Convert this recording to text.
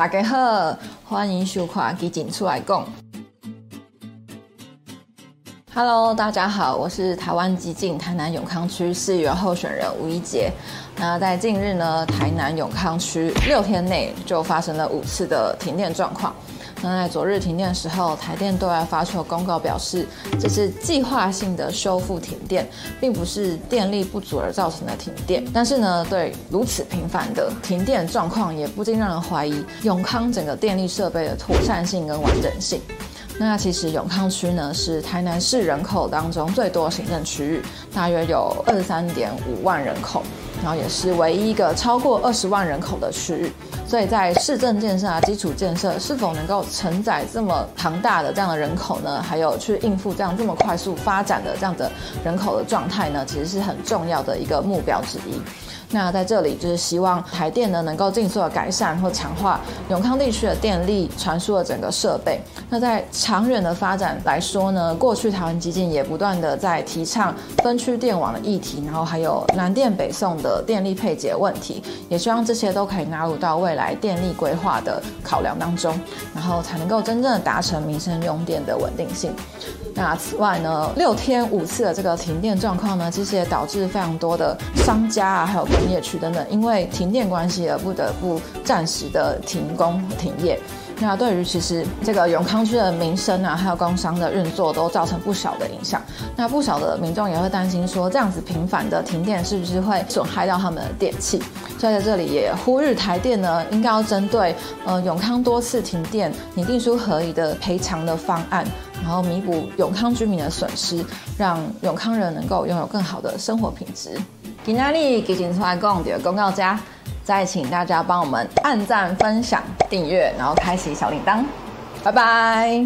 大家好，歡迎收看《基進出來講》。Hello，大家好，我是台灣基進台南永康區市議員候選人吳依潔。那在近日呢，台南永康區六天內就發生了五次的停電狀況。那在昨日停電時候，台電對外發出公告表示，這是計劃性的修復停電，並不是電力不足而造成的停電。但是呢，對如此頻繁的停電狀況，也不禁讓人懷疑永康整個電力設備的妥善性跟完整性。那其實永康區呢，是台南市人口當中最多行政區域，大約有二十三點五萬人口，然後也是唯一一個超過二十萬人口的區域。所以在市政建設啊、基礎建設是否能夠承載這麼龐大的這樣的人口呢？還有去應付這樣這麼快速發展的這樣的人口的狀態呢？其實是很重要的一個目標之一。那在這裡就是希望台電呢，能夠盡速的改善或強化永康地區的電力傳輸的整個設備。那在長遠的發展來說呢，過去台灣基進也不斷的在提倡分區電網的議題，然後還有南電北送的電力配給問題，也希望這些都可以納入到未來電力規劃的考量當中，然後才能夠真正的達成民生用電的穩定性。那此外呢，六天五次的這個停電狀況呢，其實也導致非常多的商家啊，還有，營業區等等，因為停電關係而不得不暫時的停工停業。那對於其實這個永康區的民生啊，還有工商的運作，都造成不小的影響。那不少的民眾也會擔心說，這樣子頻繁的停電是不是會損害到他們的電器？所以在這裡也呼籲台電呢，應該要針對呃永康多次停電擬定出合理的賠償的方案，然後彌補永康居民的損失，讓永康人能夠擁有更好的生活品質。今天的基進出來講就講到這，再請大家幫我們按讚、分享、訂閱，然後開啟小鈴鐺，拜拜。